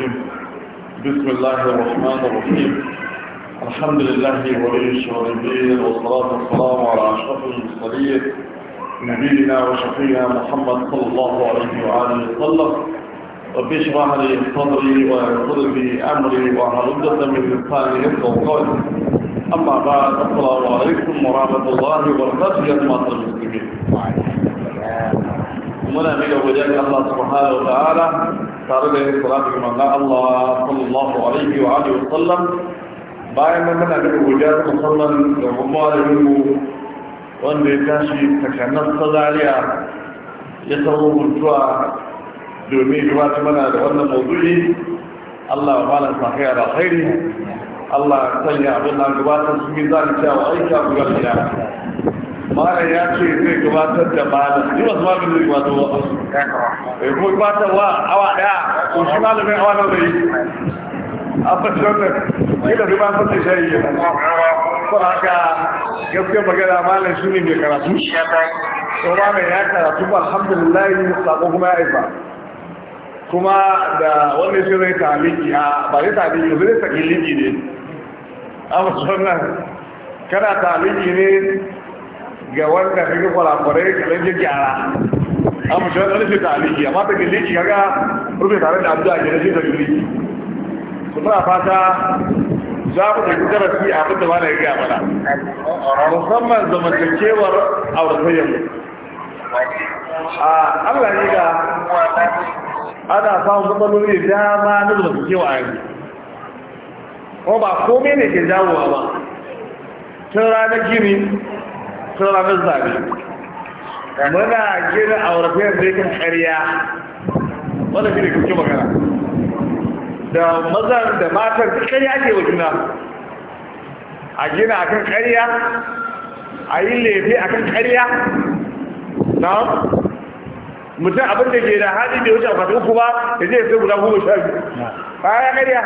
الرجيم بسم الله الرحمن الرحيم الحمد لله ولي الشهدين والصلاة والسلام على أشرف المرسلين نبينا وشفينا محمد صلى الله عليه وآله وسلم ربي اشرح لي صدري ويسر لي أمري وأهل عقدة من لساني يفقهوا قولي أما بعد السلام عليكم ورحمة الله وبركاته يا جماعة المسلمين muna mai da ga Allah subhanahu wa ta'ala tare da yin salatu ga manzon Allah sallallahu alaihi wa alihi wa sallam bayan nan muna da wajen musamman da kuma da mu wanda ya tashi takannar sadariya ya samu mutuwa domin wata mana da wannan mawdu'i Allah ba na sahiya da khairi Allah ya sanya abin da gabatar su mi zan cewa aiki abu gaskiya mara ya ce zai gabatar da bala ni wasu malam zai gabatar ba eh ko gabatar wa awa daya ko shi malamin awa nawa yi a fashion ne ni da riba ta shayi ya ko haka gaskiya magana malam shi ne mai karatu ko malam ya karatu ba alhamdulillah ne sako kuma ya aifa kuma da wannan shi zai taliki a ba zai taliki zai sakin liki ne a fashion nan kana taliki ne ga wanda kake kwarakwarai ka zai gyara amma shi wani ce ta aliki amma ta gilli ki kaga rufe tare da abu da ake rashin da gilli ku tana fata za mu ɗauki darasi a abin da ba na yi gaya mana musamman zamantakewar auratayyar mu a allah ne ga ana samun matsaloli da dama na zamantakewa a yanzu ko ba komai ne ke jawowa ba tun ranar gini sun ranar muna gina a da yakin ƙarya wadda fi da kuke magana da mazan da matar duk ƙarya ke wa juna a gina a kan ƙarya a yi lefe a kan ƙarya na mutum abin da ke da hali da wuce a fata uku ba da zai sai guda goma sha biyu bayan ƙarya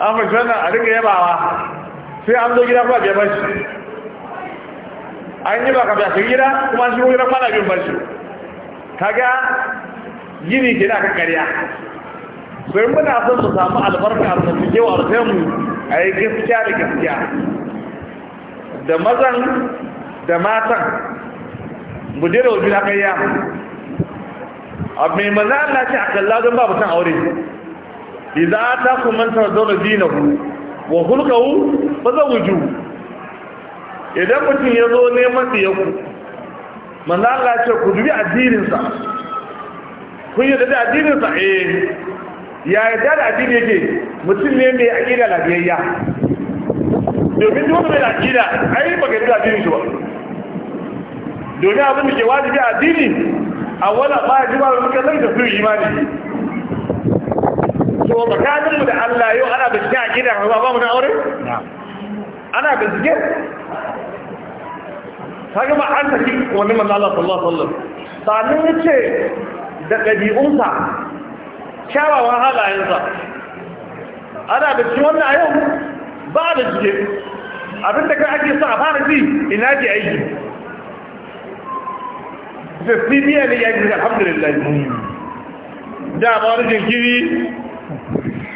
an fashe wannan a rika yabawa sai an zo gida kuma bai bashi an yi ba ka biya gida kuma shi gida kwana biyun barci kaga gini ke da aka karya sai muna son su samu albarka a zamantakewa a mu a yi gaskiya da gaskiya da mazan da matan mu dera wa juna kayya abu mai maza Allah ce a kalla don babu san aure idan ta kuma tarzauna dinahu wa ba zan wuju. idan mutum ya zo neman ɗiyanku manzo Allah ce ku dubi addininsa kun yi da addininsa eh ya yi da addini yake mutum ne mai aƙida lafiyayya domin duk mai aƙida ai ba ka yi addinin shi ba domin abin da ke wajibi a addini a wadda ba ya jiba wani kallon da suyi imani so tsakaninmu da Allah yau ana bincike aƙida ba ba mu na aure ana bincike ta ba an saki wannan manzo Allah sallallahu alaihi wasallam sannan yace da ɗabi'unsa kyawawan halayensa ana da shi wannan ayo ba da jike abin da kai ake sa a fara ji ina ji aiki da ne ya ji alhamdulillah da ba wani jinkiri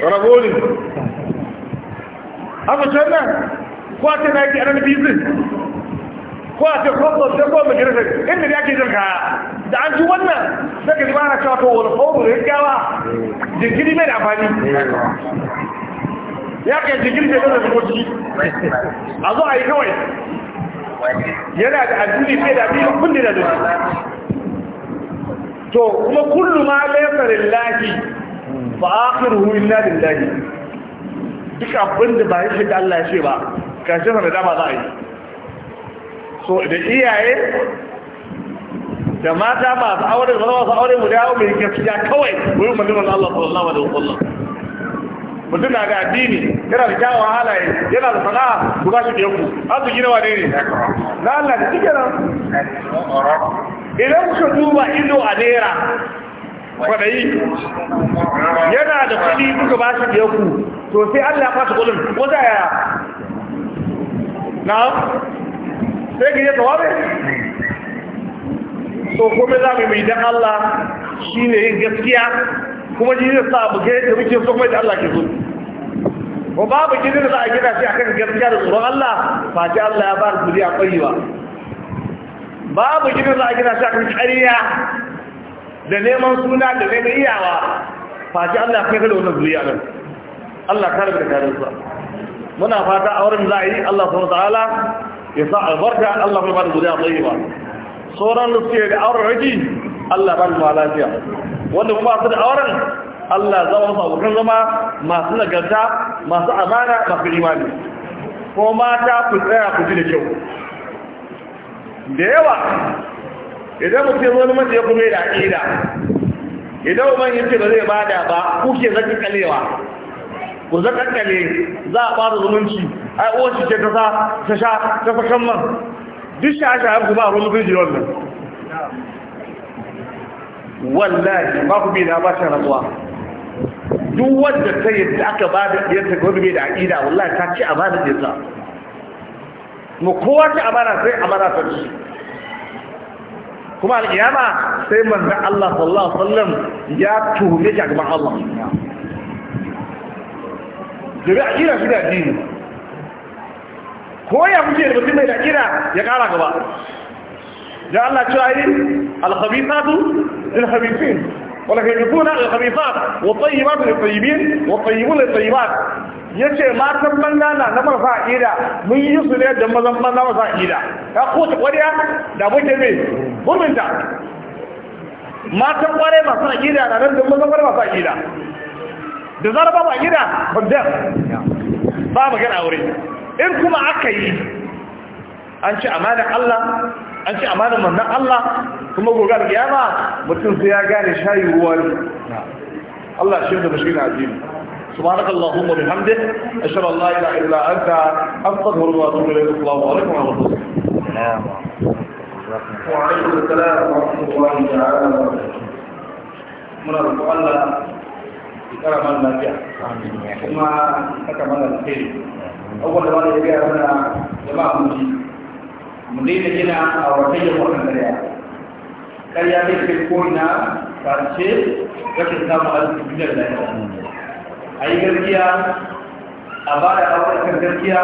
rago ne haka shi wannan kwatin aiki a ranar bizin ko a ce kwamfan sai ko majalisar inda da ake jin kaya da an ji wannan sai ka ji ba na cewa to wani fauru da gaggawa jinkiri mai da amfani ya kai jinkiri da zai zama ciki a zo a yi kawai yana da addini sai da biyu kundi da zuci to kuma kullu ma laysa lillahi fa akhiruhu illa lillahi duk abin da ba yake da Allah ya ce ba kashin sa da dama za a yi so da iyaye da mata masu aure da masu aure mu dawo mu gaskiya kawai wurin manzon Allah sallallahu alaihi wasallam mutum na da addini yana da kyawun halaye yana da sana'a ku ba shi da yanku su gina wane ne na Allah da shi nan idan kuka duba ido a naira kwadayi yana da kudi kuka ba shi da yanku to sai Allah ya fata kudin ko da yaya na sai ya tawabe so kome za mu yi dan Allah ne yin gaskiya kuma ji zai sa buke da muke so mai da Allah ke so ko babu gidan da za a gina shi akan gaskiya da tsoron Allah ba ta Allah ya ba su a kwayi ba babu gidan za a gina shi akan kariya da neman suna da neman iyawa ba ta Allah ya kai da wannan zuriya nan Allah ka rabu da karinsa muna fata a wurin za a yi Allah subhanahu wa ta'ala ya albarka Allah bai bani guda tsaye ba sauran da suke da auren raki Allah bani ma lafiya wanda kuma su da auren Allah zama masu abokan zama masu nagarta masu amana masu imani ko mata ku tsaya ku ji da kyau da yawa idan mutum ya zo neman da ya kuma da aƙida idan umar yake ba zai bada ba kuke zaki kalewa ku zaka kale za a fara zumunci ai uwarci ce ta ta sha ta sakan man duk sha sha ya yanku ba a ruwan birji wannan wallahi ba ku bi na ba shi rantsuwa duk wanda ta yadda aka ba da ɗiyarta ga wani bai da aƙida wallahi ta ci ce da ɗiyarta mu kowa ce amana sai amana ta ci kuma alƙiyama sai manzo Allah sallallahu alaihi wasallam ya tuhume shi a gaban Allah domin aƙida shi da addini ko ya kuke da mutum mai da kira ya kara gaba da Allah cewa yi alhabisatu lilhabisin wala yajibuna alhabisat wa tayyibatu litayyibin wa ba. Ya ce matan banza na na marfa ida mun yi su ne da mazan banza marfa ida ka ko kwariya da muke mai burbinta matan kwarai masu aƙida da nan da mazan kwarai masu aƙida da zarar ba aƙida ban ba a aure in kuma aka yi an ci amanar Allah an ci amanar mannan Allah kuma gogar kiyama mutum sai ya gane shayi ruwa ne Allah shi da mashi na ajiyu سبحانك اللهم وبحمدك اشهد ان لا اله الا انت استغفرك واتوب اليك السلام عليكم ورحمه الله نعم. وعليكم السلام ورحمه الله تعالى وبركاته من الله kara mana lafiya kuma saka mana alheri abubuwan da mana ya gaya mana jama'a mu ji mu daina gina a wata yin wannan karya karya ta kai ko ina karshe rashin samun arziki duniyar lafiya a yi gaskiya a ba da abubuwan gaskiya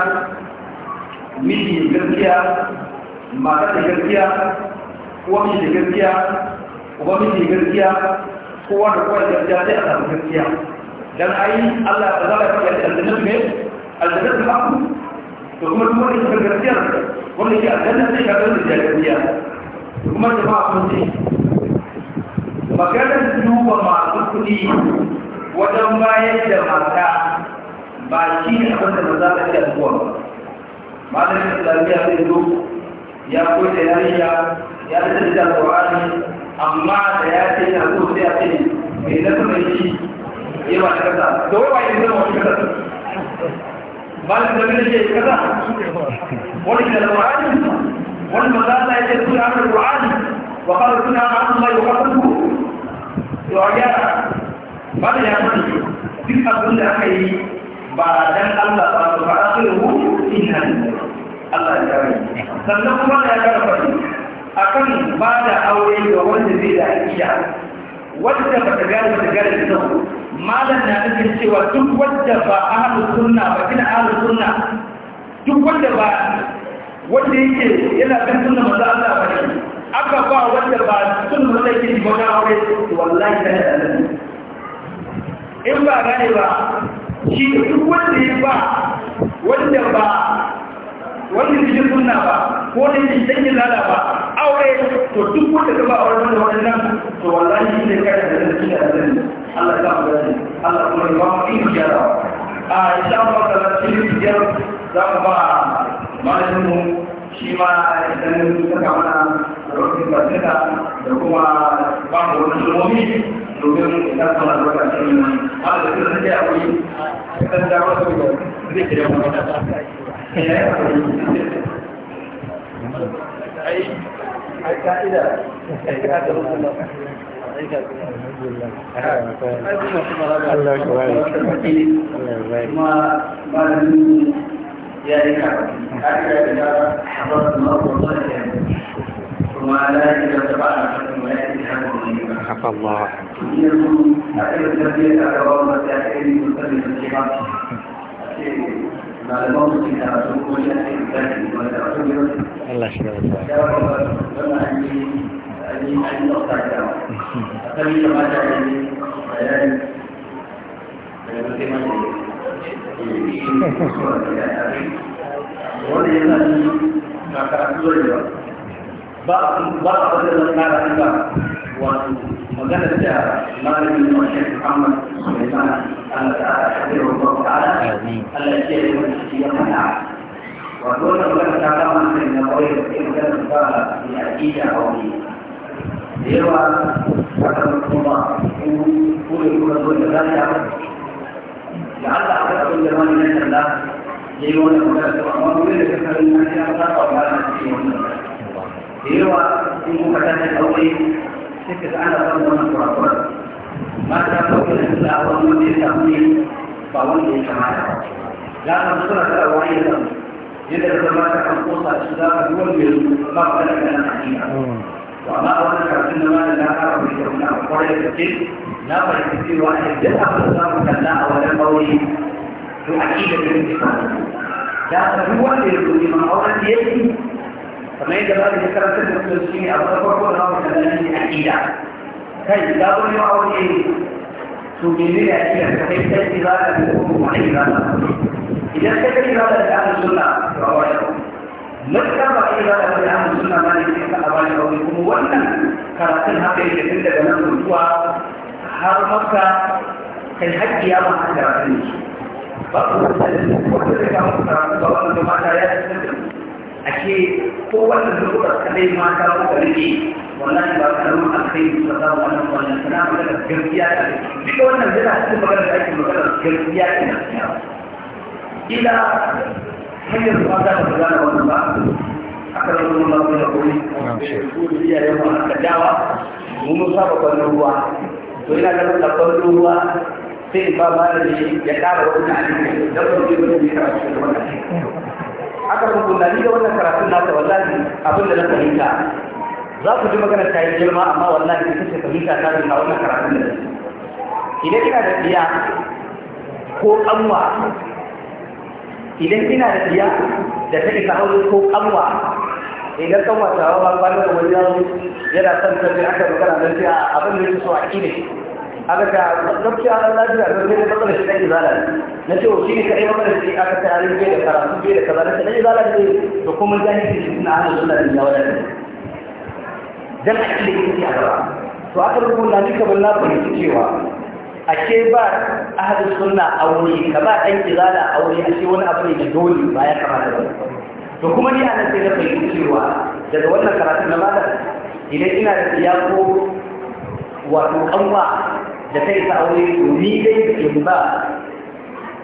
miji gaskiya mata da gaskiya uwa miji da gaskiya uba miji gaskiya kowa da kowa da jira da a samu gaskiya dan ai Allah ta zara ya aljanna ne aljanna ba ku to kuma duk wanda ke gaskiya wanda ke aljanna ne ka da gaskiya kuma ne mun ce ba ma masu kuɗi wajen bayar da mata ba shi ne abin da maza da ke abuwa ba malamin islamiyya zai zo ya koyi da yariya ya da da ne amma da ya ce yana so sai a ce mai na suna yi ya ba kasa da wai ba yi zama wani kasa ba da zama da ke kasa wani da wani ya ce suna da alƙur'ani wa kada suna da an mai wa kasa ku to a gyara ba da ya sani duk abin da aka yi ba dan Allah ba yi a Allah ya sannan kuma da ya kare fadi akan ba da aure ga wanda zai da iya wadda ba ta gane da ta gane da malam na nufin cewa duk wadda ba ahlu sunna ba kina ahlu sunna duk wadda ba wanda yake yana kan sunna maza Allah ba ne aka ba wanda ba sunna maza yake ba na aure to wallahi ta da Allah in ba gane ba shi duk wanda ya ba wanda ba wanda yake sunna ba ko ne yake lala ba aure to duk wanda ka ba aure da nan to wallahi shi ne kai da zai da zai Allah ya ba shi Allah kuma ya ba mu in a insha Allah da shi biyar za mu ba malamin mu shi ma idan mana rokin da kuma ba mu wani domin idan kuma da wata ne da da eh, wata zai القاعدة القاعدة Allah kuwai. Ma malamin ya yi ka, aka yi da haɓar ma'abuwa da kuma na yi da taba a cikin wani da haɓar wani ba. Haka Allah. Yanzu a cikin tafiya ta gaba wanda ta yi iri musamman da ke ba. Malaman mutum da su kuma shi ne da ke wanda a cikin Allah shi gaba da ba ba a wajen tsara ba wato magana da malamin mashin Muhammad Sulaiman Allah ta'ala ta bai wa ta'ala Allah ya ce ya mana wato wannan magana ta kama أمر النبوي إذا نفع لأكيد عظيم ديوا فكما الله يقول يقول رسول الله لعل أحد يقول الجمال من الله ما نقول أمر من الكفر من الله وعلى ديوا إن فتاة الأولي سكت أنا فرضنا فرضنا ما تفوق الإسلام ومن يتحمل فوالي كما لا تنصر الأولي yadda da zama ta kan kosa shi za ka duwan mai zuwa ba ku da kanan hakika to amma a wani karatun na malam na kara mai da wani abu kwarai da gaske na fahimci cewa a yadda aka samu kalla a wajen aure to aƙida da yake samu da aka duk wanda ya zuwa ma auren da yake kamar yadda ba da karatun da kuma shi abu na farko na mu kalla ne aƙida kai da wani aure to menene aƙida kai sai za ka bi ko mu ne za ka يرتكب هذا الأهل السنة فهو يقول مستمع إلى أهل السنة ما يجب أن أبالي قولكم وأن كراتين هذه الجديدة بمن قلتها har maka kai haƙƙi ya ma haƙƙi a kan shi ba ku wanda zai kawo karatu ba wanda mata ya ci da a ce ko wanda zai kuka kadai mata ko ka rike wallahi ba ka nuna alkai da za mu wannan wannan sana magana gaskiya da duk wannan yana cikin magana da ake magana gaskiya da gaskiya ila hanyar su fata da zana wani ba aka zama wani mafi da kuri da yi mu aka dawa mu mun saba kwallon ruwa to ina ganin da kwallon ruwa sai ba ba da shi ya ƙara wani alimai don ba zai wani da ya karatu da wani aka kunna ni da wannan karatun nasa wallahi abin da na fahimta za ku ji magana ta yi girma amma wallahi ita ce fahimta ta na wannan karatun da idan ina da iya ko kanwa idan ina da biya da ta isa aure ko kanwa idan kanwa ta hawa ba da wani yawo yana son tafi aka magana don sai abin da yake so a kine aka ta gaskiya a lafiya don sai da shi kai izala na ce oh, shi ne kadai bakar shi aka ta yarin bai da karatu bai da kaza na ce dan izala ne da kuma jahilci shi suna hana sunna da yawa da dan a kile ya a gaba to aka rubuta ni kamar na fahimci cewa ake ba ahadin sunna aure ka ba ɗan da aure a ce wani abu ne da dole ba ya kamata ba to kuma ni anan sai na fahimci cewa daga wannan karatun na malam idan ina da tsiya ko wato kanwa da ta isa aure to ni dai ke ba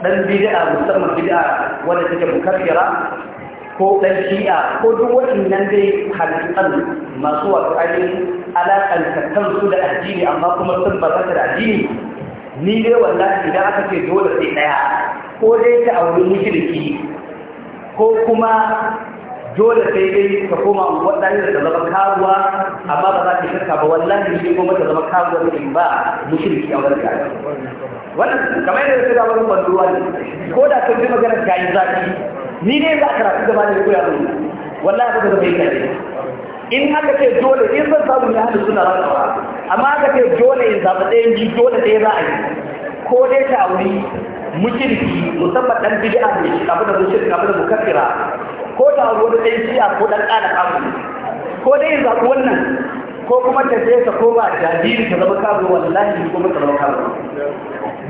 dan bid'a musamman bid'a wanda take mukaffira ko ɗan shi'a ko duk waɗannan dai halittar masu wato ainihin alaƙanta kansu da addini amma kuma sun ba da addini ni dai wallahi idan aka ce dole sai daya ko dai ta auri mushriki ko kuma dole sai dai ka koma waɗanda da zama karuwa amma ba za ka shirka ba wallahi shi kuma ta zama karuwa din ba mushriki a wannan ka wannan kamar yadda ka zama ruwan ruwa ne ko da kun ji magana ta yi zafi ni dai za ka rafi gaba da ko mun wallahi ba ka zama yi in aka ce dole in zan samu ya hada suna rasa amma ka ce dole in zaɓi ɗayan biyu dole ɗaya za a yi ko dai ta wuri mushriki musamman ɗan bid'a ne shi abu da mushriki abu da mukaffira ko ta wuri wani ɗan shi'a ko ɗan ƙana ƙafu ko dai in zaɓi wannan ko kuma ta je ta koma jajiri ta zama kazo wallahi ko ta zama kazo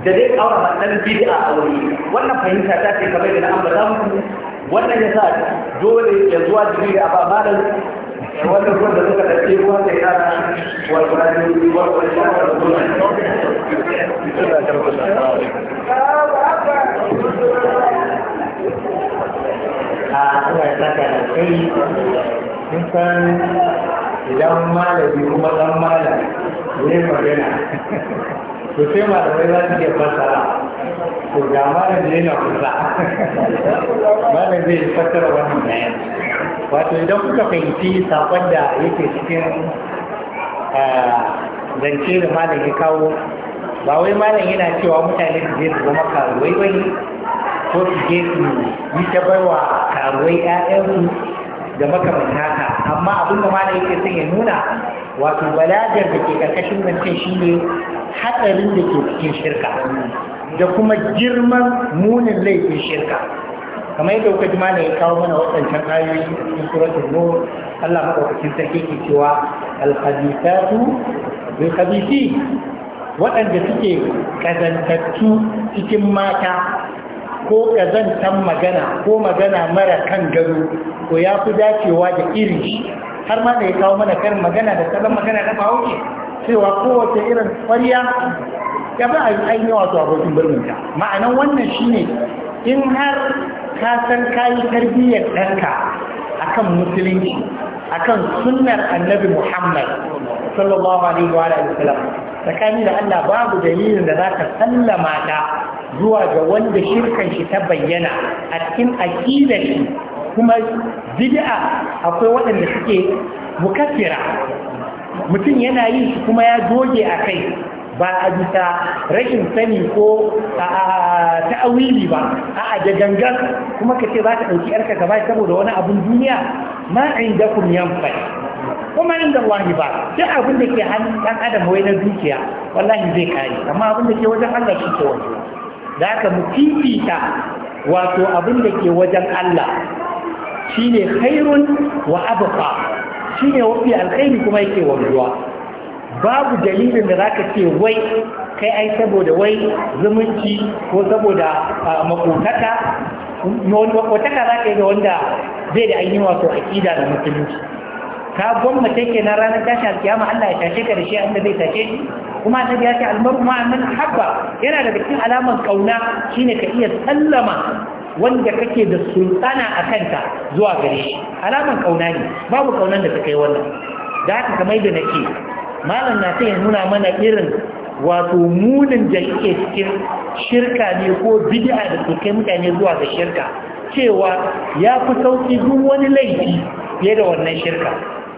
da dai ƙaura ba ɗan bid'a a wuri wannan fahimta ta ce kamar da na ambata muku wannan ya sa dole ya zuwa jiri a ba malam wanda ruwan da suka ɗauke ruwa da ya na wato na biyu wato ya na wato na a kuma ya saka da kai mun san idan malami kuma ɗan malam ne magana to sai malamai za su iya fasara ko ga malam da na kusa malam zai fassara wannan bayan wato idan kuka fahimci sakon da yake cikin zance da malam ya kawo ba wai malam yana cewa mutane su je su zama karuwai bane ko su je su yi ta baiwa karuwai 'ya'yansu da makamanta haka amma abinda malam yake son ya nuna wato balagar da ke karkashin zancen shine hatsarin da ke cikin shirka da kuma girman munin laifin shirka kamar yadda kuka ji ne ya kawo mana waɗancan ayoyi a cikin suratul nur Allah madaukakin sarki ke cewa al-khabithatu bil waɗanda suke kazantattu cikin mata ko kazantan magana ko magana mara kan gado ko ya fi dacewa da irin shi har ma da ya kawo mana karin magana da salon magana na bahaushe cewa kowace irin ƙwarya. Gaba ba a yi ainihin wato abokin birninka ma'anan wannan shine in har ka san kayi tarbiyyar ɗanka akan musulunci akan sunnar annabi muhammad sallallahu alaihi wa sallam tsakani da allah babu dalilin da za ka sallama ta zuwa ga wanda shirkan shi ta bayyana a cikin aƙidar shi kuma bid'a akwai waɗanda suke mukaffira mutum yana yi kuma ya goge a kai ba a bisa rashin sani ko ta'awili ba a da gangan kuma ka ce za ka ɗauki yarka ka saboda wani abin duniya ma inda kun yanfai kuma da wani ba duk abin da ke hannun ɗan adam wai na dukiya wallahi zai kare amma abin da ke wajen Allah shi ke wajen da haka mu fifita wato abin da ke wajen Allah shine khairun wa abqa shine wafi alkhairi kuma yake wanzuwa babu dalilin da zaka ce wai kai ai saboda wai zumunci ko saboda ah, makotaka makotaka za ka yi ga wanda zai da ainihin wato aƙida da musulunci ka gwamnati ke na ranar tashi alkiyama Allah ya tashe ka da shi an da zai tashe shi kuma ta biya ce almaru ma man habba yana da cikin alamar kauna shine ka iya sallama wanda kake da sultana a kanta zuwa gare shi alamar kauna ne babu kaunan da ta kai wannan da haka kamar da nake malam na sai nuna mana irin wato munin da yake cikin shirka ne ko bid'a da ke kai mutane zuwa ga shirka cewa ya fi sauki duk wani laifi fiye da wannan shirka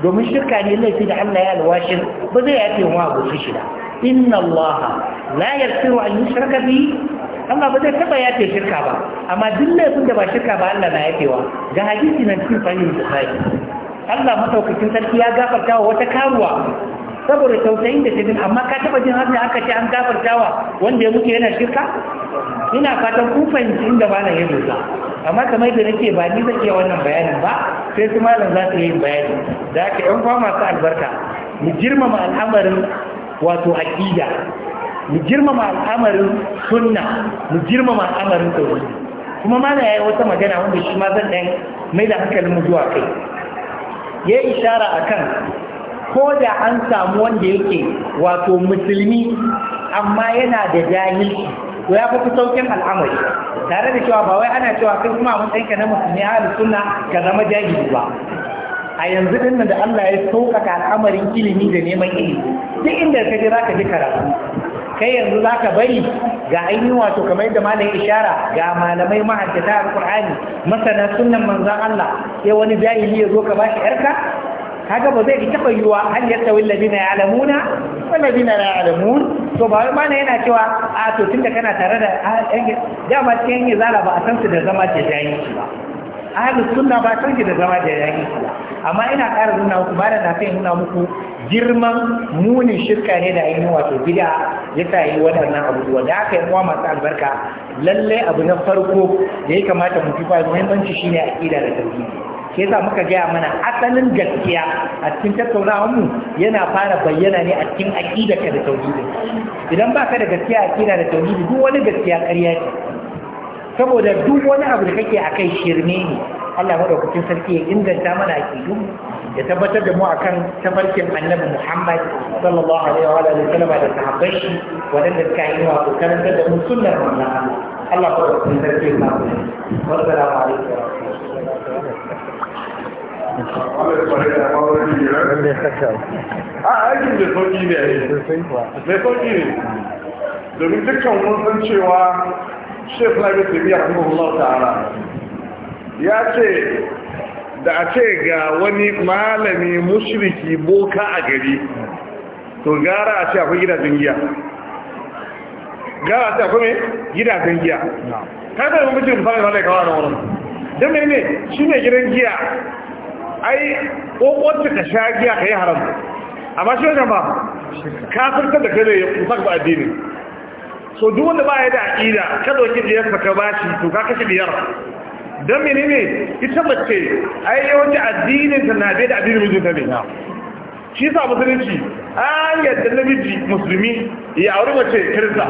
domin shirka ne laifi da Allah ya alwashin ba zai yafe wa abu da. inna Allah la wa an yushraka bi? amma ba zai taba yafe shirka ba amma duk laifin da ba shirka ba Allah na yafewa ga hadisi nan cikin fahimta bukhari Allah madaukakin sarki ya gafarta wa wata karuwa saboda tausayin da ta amma ka taba jin haka aka ce an gafartawa wanda ya mutu yana shirka ina fatan kun fahimci inda ba na yin amma kamar da nake ba ni zan iya wannan bayanin ba sai su malam za su yi bayani da aka yan fama masu albarka mu girmama al'amarin wato aƙida mu girmama al'amarin sunna mu girmama al'amarin tauhidi kuma malam ya yi wata magana wanda shi ma zan dan mai da hankalin mu zuwa kai ya isara ishara akan ko da an samu wanda yake wato musulmi amma yana da jahilci to ya fi saukin al'amari tare da cewa ba wai ana cewa kai kuma mun danka na musulmi a sunna ka zama jahili ba a yanzu din da Allah ya saukaka al'amarin ilimi da neman ilimi duk inda ka je zaka ji karatu kai yanzu zaka bari ga ainihin wato kamar yadda malam ishara ga malamai mahaddata alqur'ani masana sunnan manzon Allah sai wani jahili ya zo ka bashi yarka kaga ba zai yi yiwa hal ya tawil ladina ya'lamuna wal ladina la ya'lamun to ba mana yana cewa a to tunda kana tare da yan dama cikin yan zara ba a san su da zama da jahilci ba ahlus sunna ba san shi da zama da jahilci ba amma ina ƙara nuna muku ba da na kai nuna muku girman munin shirka ne da ainihin wato bid'a ya sa yi waɗannan abubuwa da aka yi kuma masu albarka lallai abu na farko da ya kamata mu fi fa muhimmanci shine aqida da tauhidi ke za muka gaya mana asalin gaskiya a cikin tattaunawar mu yana fara bayyana ne a cikin aqida ka da tauhidi idan baka da gaskiya aqida da tauhidi duk wani gaskiya ƙarya ce saboda duk wani abu da kake akai shirme ne Allah madaukakin sarki ya inganta mana aqidu ya tabbatar da mu akan tafarkin annabi Muhammad sallallahu alaihi wa alihi wa sallam da sahabbai wadanda suka yi wa karantar da mu sunnar Allah Allah ko da da ma ne a da ne mai sauki ne domin dukkan mun san cewa shef na bai tafiya kuma Allah ta'ala ya ce da a ce ga wani malami mushriki boka a gari to gara a ce akwai gidajen giya gara ta kuma gidajen giya ka ga mun mutum fara wallahi kawo da wurin don menene shi ne gidan giya ai ko kokonta ka sha giya ka yi haram amma shi ne ba ta da kai ya kusa ga addinin so duk wanda ba ya da aqida ka ɗauki diyarsa ka ba shi to ka kashi biyar don menene ita mace ai yawanci addinin ta na da addinin mijinta ne shi sa musulunci an yadda namiji musulmi ya auri mace kirista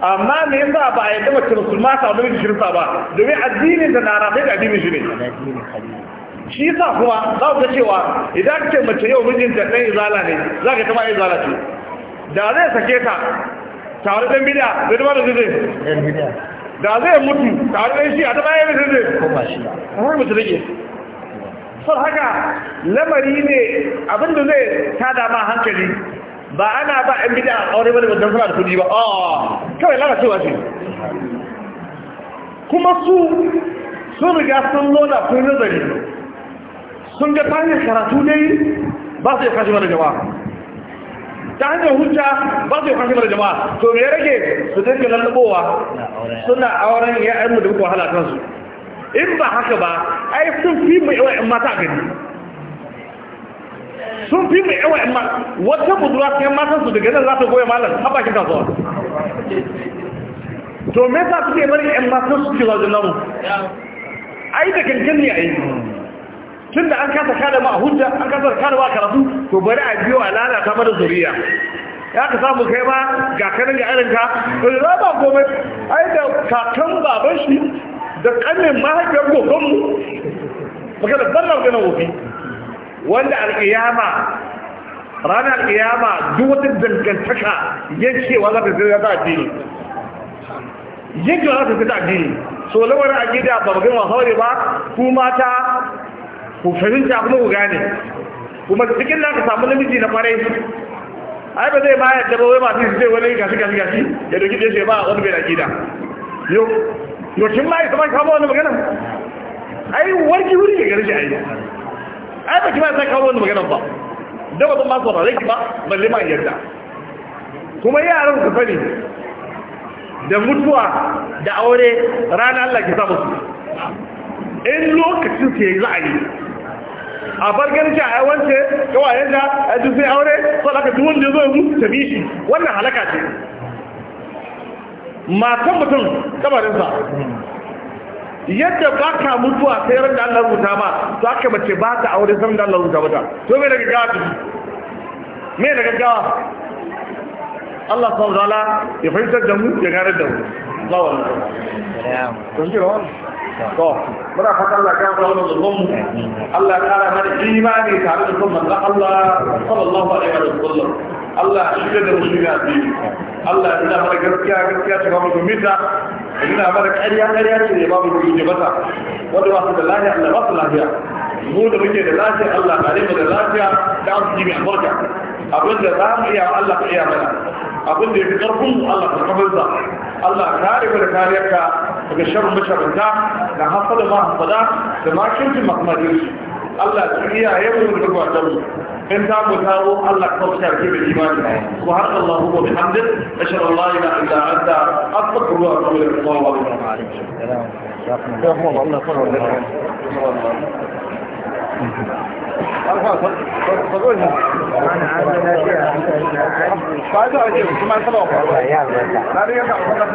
amma me yasa ba a yadda mace musulma ta wani sa ba domin addinin da na rafe da addinin shi ne shi yasa kuma za ku ga cewa idan ce mace yau mijinta ɗan izala ne za ka taɓa izala ce da zai sake ta tare da bida zai taɓa da zai da zai mutu tare ɗan shi a taɓa yin zai zai kuma shi kuma mutu rage sau haka lamari ne abinda zai ta dama hankali ba ana ba an bida a aure wani wajen suna da kudi ba a ah, kawai lalacewa ce kuma su sun riga sun loda sun nazari sun ga tarihin karatu dai ba su yi kashi mara jama'a ta hanyar hujja ba su yi kashi mara jama'a to me rage su dinka lallabowa suna auren ya'yanmu da kuka wahala kansu in ba haka ba ai sun fi mai yawa 'yan mata gani sun fi mai yawa yan mata wata budurwa ta yan matan su daga nan za ta goya malam a bakin kasuwa to me su suke bari yan matan su ke na namu ai da kankan ne ai tun da an kasa kada ma a hujja an kasa kada ma a karatu to bari a biyo a lalata mana zuriya ya ka samu kai ma ga kanin ga irinka to da ba komai ai da kakan baban shi da kanin mahaifiyar gogonmu baka da barna ganin wofi wanda alƙiyama ranar alƙiyama duk wata dangantaka yankewa za ta zai za addini yankewa za ta zai addini so lamarin a gida ba magana haure ba ku mata ku fahimta kuma ku gane kuma cikin na ka samu namiji na kwarai ai ba zai ma yadda ba wai masu zai wani gashi gashi gashi ya doki ɗaya ba wani bai na gida yau yau kin ma ya sama kama wani magana ai warki wuri ya gari shi ai ai ba ki ba ta kawo wani magana ba da ba zan ma saurare ba balle ma yarda kuma yaran ku sani da mutuwa da aure rana Allah ke samu su in lokacin su yi za a yi a farkar shi a yawance kawayen da a duk sai aure aka duk wanda zo mutu ta shi wannan halaka ce matan mutum kamarinsa yadda ba ka mutuwa sai ran da Allah rubuta ba to aka mace ba ta aure san da Allah rubuta ba to me daga gawa ta me daga gawa Allah subhanahu wa ta'ala ya fahimtar da mu ya gare da mu Allah wannan to muna fata Allah ka fara da zuwan Allah ya kara mana imani tare da sunan Allah sallallahu alaihi wa sallam Allah shi da ga Allah ya nuna mana gaskiya gaskiya ta kuma mita ina mana ƙarya ƙarya ce ne babu kuɗi ne mata wanda ba su da lafiya Allah ba su lafiya mu da muke da lafiya Allah tare mu da lafiya da arziki mai albarka da za mu iya Allah ka iya mana da ya fi ƙarfin mu Allah ka kafansa Allah kare mu da kariyarka daga sharrin masharanta da hasala ma hasala da makincin makamadin Allah ya kiyaye mu da gwatan mu in za mu kawo Allah kautar ke da imani ko har Allah huwa bi hamdin ashhadu an la ilaha illa anta astaghfiruka wa atubu ilayk wa wa alaikum السلام